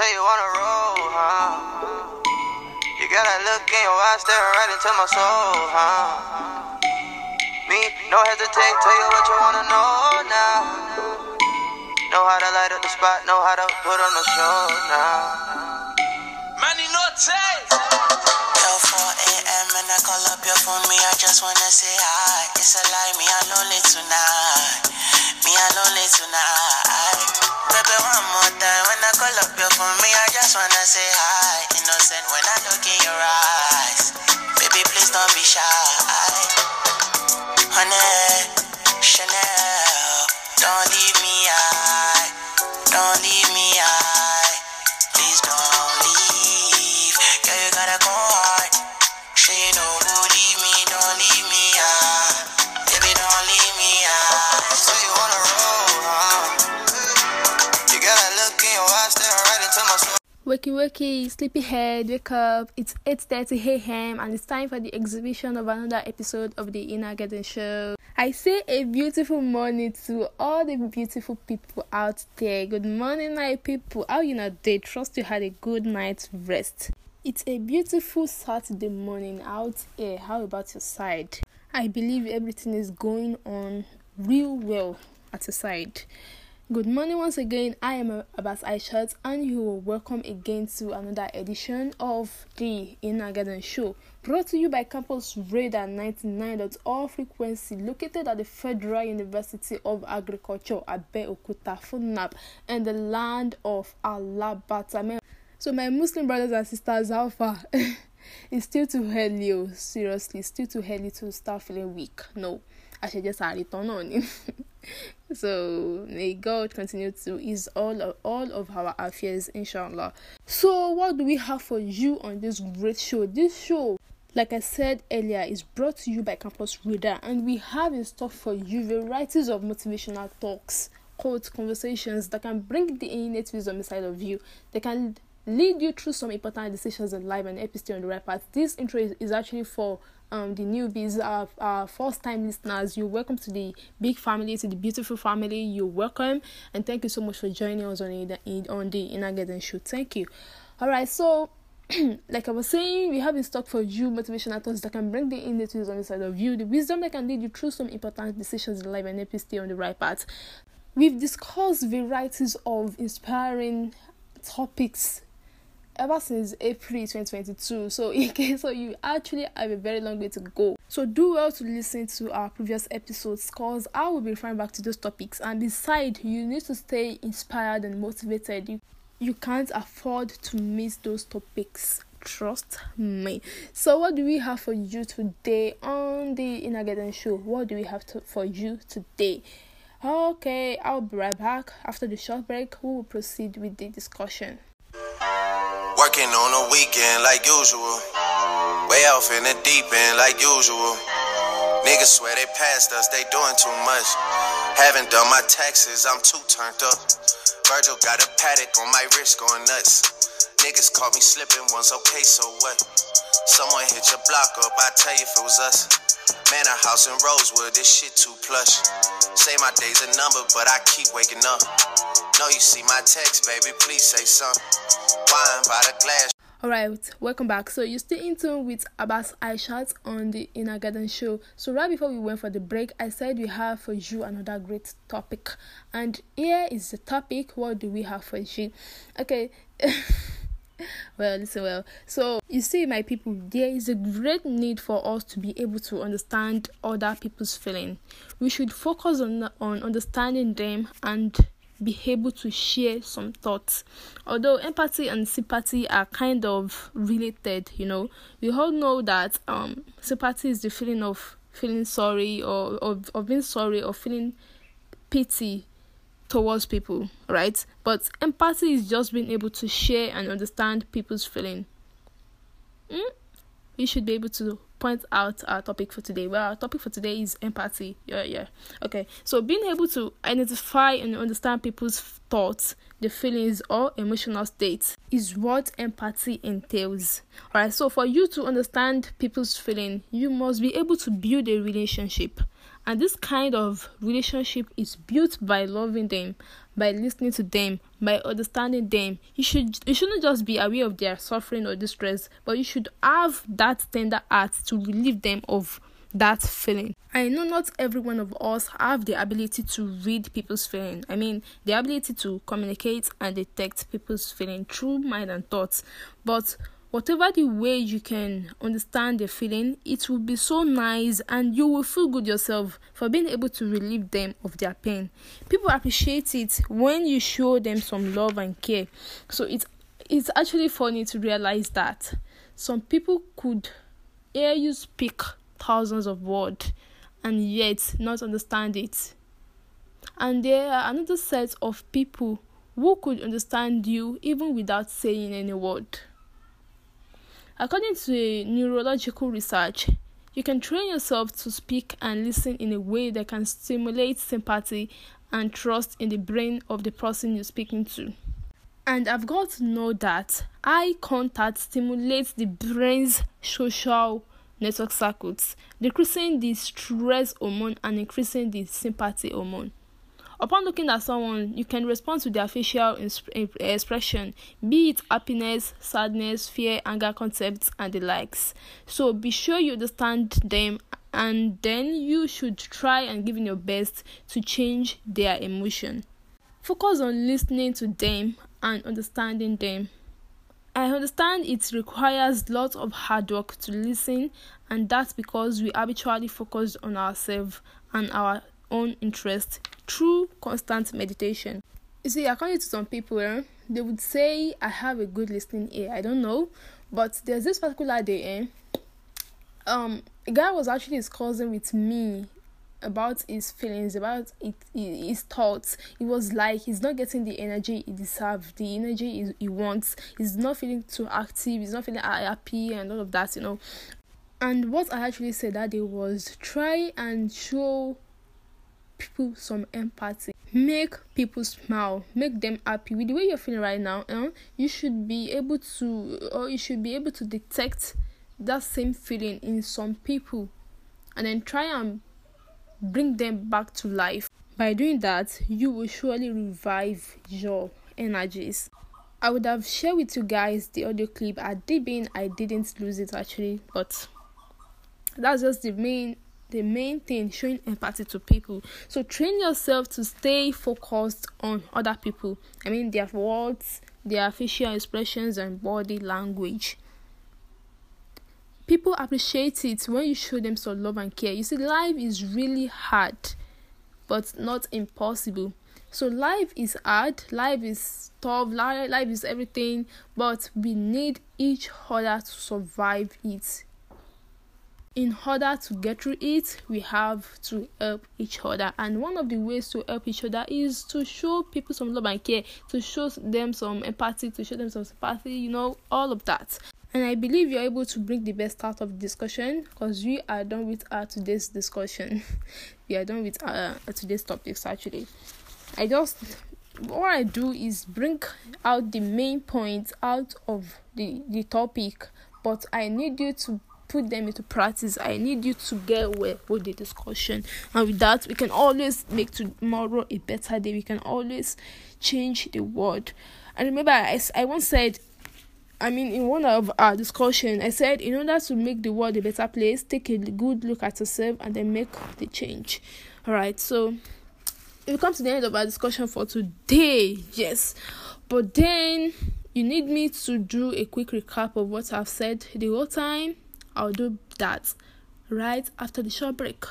Say you wanna roll, huh? You got that look in your eyes staring right into my soul, huh? Me, no hesitate, tell you what you wanna know now. Know how to light up the spot, know how to put on a show now. Money no taste. Till 4 a.m. and I call up your phone, me, I just wanna say hi. It's a lie, me, I'm lonely tonight. Me, I'm lonely tonight. Call up your for me, I just wanna say hi. Innocent when I look in your eyes. Baby, please don't be shy. Honey, Chanel. Wakey wakey, sleepyhead, wake up. It's 8.30 a.m. and it's time for the exhibition of another episode of the Inner Garden Show. I say a beautiful morning to all the beautiful people out there. Good morning, my people. How you know they trust you had a good night's rest. It's a beautiful Saturday morning out here. How about your side? I believe everything is going on real well at your side. Good morning once again. I am Abbas Aishat, and you are welcome again to another edition of the Inner Garden Show, brought to you by Campus Radar 99.0 frequency, located at the Federal University of Agriculture, Abeokuta, Funab, and the land of Alabata. So, my Muslim brothers and sisters, how far? it's still too early, oh, seriously, seriously, still too early to start feeling weak. No, I should just hurry turn on. so may god continue to ease all of all of our affairs inshallah so what do we have for you on this great show this show like I said earlier, is brought to you by Campus Reader, and we have in store for you varieties of motivational talks, quotes, conversations that can bring the innate wisdom inside of you. They can lead you through some important decisions in life and help you stay on the right path. This intro is, is actually for um, the newbies, our, uh, our uh, first time listeners. You're welcome to the big family, to the beautiful family. You're welcome, and thank you so much for joining us on the, on the Inner Garden Show. Thank you. All right, so. like I was saying, we have in stock for you motivational thoughts that can bring the inner on the side of you, the wisdom that can lead you through some important decisions in life and help you stay on the right path. We've discussed varieties of inspiring topics ever since April 2022. So, okay, so you actually have a very long way to go. So, do well to listen to our previous episodes because I will be referring back to those topics and beside, you need to stay inspired and motivated. You, you can't afford to miss those topics. Trust me. So, what do we have for you today on the Inner Garden Show? What do we have to, for you today? Okay, I'll be right back. After the short break, we will proceed with the discussion. Working on the weekend like usual. Way off in the deep end like usual. Niggas swear they passed us, they doing too much. Haven't done my taxes, I'm too turned up. Virgil got a paddock on my wrist going nuts. Niggas caught me slipping once, okay, so what? Someone hit your block up, I tell you if it was us. Man, a house in Rosewood, this shit too plush. Say my day's a number, but I keep waking up. No, you see my text, baby, please say something. Wine by the glass. Alright, welcome back. So you stay in tune with Abbas Aishat on the Inner Garden Show. So right before we went for the break, I said we have for you another great topic. And here is the topic. What do we have for you? Okay. well, so well. So you see, my people, there is a great need for us to be able to understand other people's feeling. We should focus on on understanding them and be able to share some thoughts. Although empathy and sympathy are kind of related, you know, we all know that um sympathy is the feeling of feeling sorry or of, of being sorry or feeling pity towards people, right? But empathy is just being able to share and understand people's feeling. Mm? You should be able to point out our topic for today. Well, our topic for today is empathy. Yeah, yeah. Okay. So being able to identify and understand people's thoughts, the feelings or emotional states is what empathy entails. All right. So for you to understand people's feeling, you must be able to build a relationship. And this kind of relationship is built by loving them, by listening to them, by understanding them. You should you shouldn't just be aware of their suffering or distress, but you should have that tender heart to relieve them of that feeling. I know not every one of us have the ability to read people's feeling. I mean, the ability to communicate and detect people's feeling through mind and thoughts. But whatever the way you can understand their feeling, it will be so nice and you will feel good yourself for being able to relieve them of their pain. People appreciate it when you show them some love and care. So it's it's actually funny to realize that some people could hear you speak thousands of words and yet not understand it. And there are another set of people who could understand you even without saying any word. According to neurological research, you can train yourself to speak and listen in a way that can stimulate sympathy and trust in the brain of the person you're speaking to. And I've got to know that eye contact stimulates the brain's social network circuits, decreasing the stress hormone and increasing the sympathy hormone. Upon looking at someone, you can respond to their facial insp- eh, expression, be it happiness, sadness, fear, anger concepts, and the likes. So be sure you understand them, and then you should try and give in your best to change their emotion. Focus on listening to them and understanding them. I understand it requires lots of hard work to listen, and that's because we habitually focus on ourselves and our own interests through constant meditation. You see, according to some people, eh, they would say, I have a good listening ear. I don't know. But there's this particular day, eh, um, a guy was actually discussing with me about his feelings, about it, his thoughts. It was like he's not getting the energy he deserves, the energy he, wants. He's not feeling too active. He's not feeling happy and all of that, you know. And what I actually said that day was try and show people some empathy make people smile make them happy with the way you're feeling right now eh? you should be able to or you should be able to detect that same feeling in some people and then try and bring them back to life by doing that you will surely revive your energies i would have shared with you guys the audio clip i did being i didn't lose it actually but that's just the main the main thing showing empathy to people so train yourself to stay focused on other people i mean their words their facial expressions and body language people appreciate it when you show them some love and care you see life is really hard but not impossible so life is hard life is tough life is everything but we need each other to survive it in order to get through it, we have to help each other. And one of the ways to help each other is to show people some love and care, to show them some empathy, to show them some sympathy, you know, all of that. And I believe you're able to bring the best out of the discussion because we are done with our today's discussion. we are done with our, today's topics actually. I just what I do is bring out the main points out of the, the topic, but I need you to put them into practice. I need you to get away with the discussion. And with that, we can always make tomorrow a better day. We can always change the world. And remember, I, I once said, I mean, in one of our discussion, I said, in order to make the world a better place, take a good look at yourself and then make the change. All right, so we come to the end of our discussion for today. Yes, but then you need me to do a quick recap of what I've said the whole time. I'll do that right after the short break.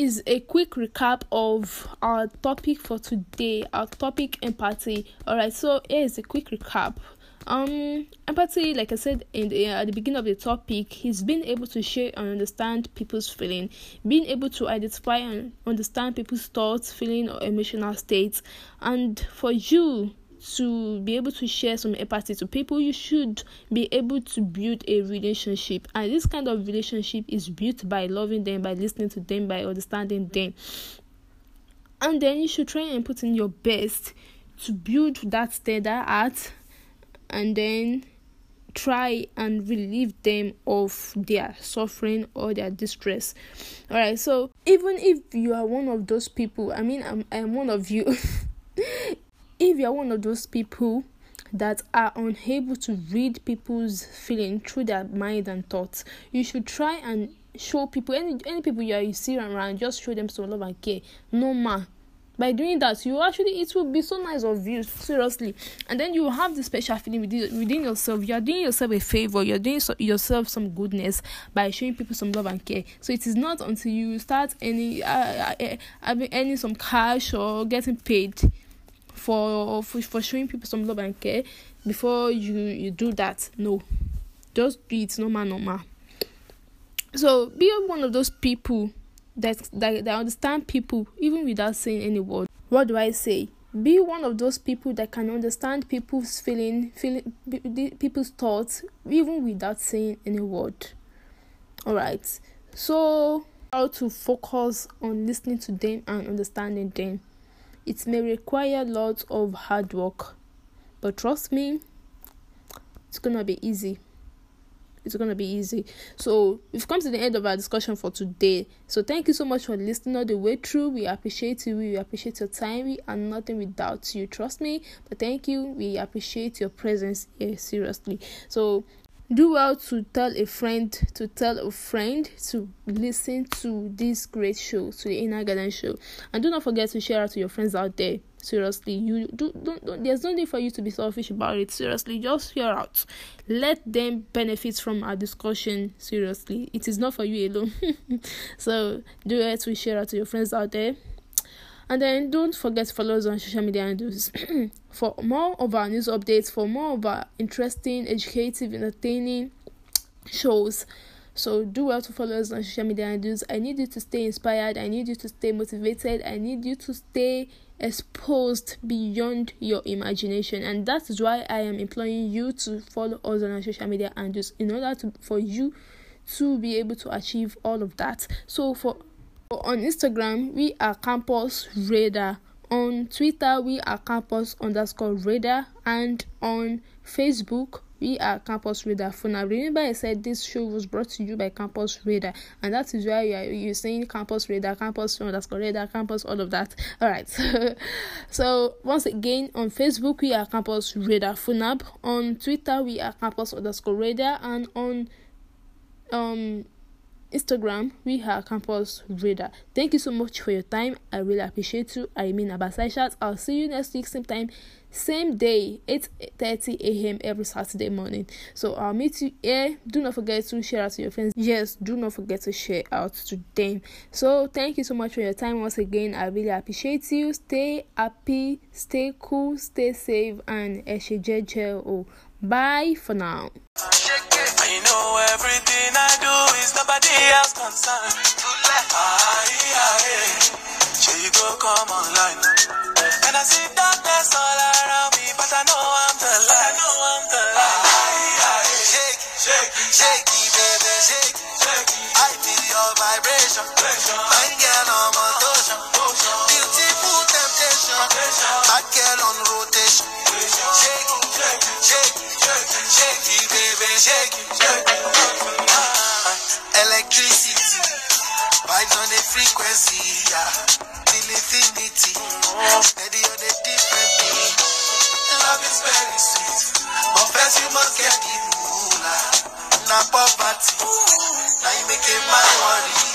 is a quick recap of our topic for today, our topic empathy. All right, so here is a quick recap. Um, empathy, like I said in the, at the beginning of the topic, is being able to share and understand people's feeling, being able to identify and understand people's thoughts, feeling, or emotional states. And for you, to be able to share some empathy to people, you should be able to build a relationship. And this kind of relationship is built by loving them, by listening to them, by understanding them. And then you should try and put in your best to build that tender heart and then try and relieve them of their suffering or their distress all right so even if you are one of those people i mean i'm, I'm one of you if you're one of those people that are unable to read people's feeling through their mind and thoughts, you should try and show people any any people you, are, you see around, just show them some love and care. No ma, By doing that, you actually it will be so nice of you, seriously. And then you have the special feeling within, within yourself. You are doing yourself a favor. You are doing so, yourself some goodness by showing people some love and care. So it is not until you start any uh, uh, uh having any some cash or getting paid for for, for showing people some love and care before you you do that no just do it normal normal so be one of those people that that, that understand people even without saying any word what do i say be one of those people that can understand people's feeling, feeling people's thoughts even without saying any word all right so how to focus on listening to them and understanding them it may require lots of hard work, but trust me, it's gonna be easy. It's gonna be easy. So we've come to the end of our discussion for today. So thank you so much for listening all the way through. We appreciate you. We appreciate your time. We are nothing without you. Trust me. But thank you. We appreciate your presence here seriously. So do well to tell a friend to tell a friend to listen to this great show, to the Inner Garden Show, and do not forget to share out to your friends out there. Seriously, you do don't, don't there's no need for you to be selfish about it. Seriously, just share out. Let them benefit from our discussion. Seriously, it is not for you alone. so do it to share out to your friends out there. And then don't forget to follow us on social media handles for more of our news updates, for more of our interesting, educative, entertaining shows. So do well to follow us on social media handles. I need you to stay inspired. I need you to stay motivated. I need you to stay exposed beyond your imagination and that is why i am imploring you to follow us on our social media and just in order to for you to be able to achieve all of that so for on Instagram, we are Campus Radar. On Twitter, we are Campus underscore Radar. And on Facebook, we are Campus Radar. For now, remember I said this show was brought to you by Campus Radar, and that is why you are you saying Campus Radar, Campus underscore Radar, Campus all of that. All right. so once again, on Facebook we are Campus Radar Funab. On Twitter we are Campus underscore Radar, and on um Instagram, we are Campus reader. Thank you so much for your time. I really appreciate you. I mean Abasai Shout. I'll see you next week, same time, same day, 8.30 a.m. every Saturday morning. So I'll meet you here. Do not forget to share out to your friends. Yes, do not forget to share out to them. So thank you so much for your time once again. I really appreciate you. Stay happy, stay cool, stay safe, and Eshe Bye for now know everything I do is nobody else concerned. I aye, sure go come online. And I see darkness all around me, but I know I'm the light. I know I'm the light. Aye, aye, shake, shake, shake, baby, shake, shake. I feel your vibration. My girl, I'm a motion. Beautiful temptation. I get on Electricity vibes on a frequency, yeah. Till infinity, steady on a different beat. Love is very sweet, but first you must get the ruler. Now poverty, now you make a man worry.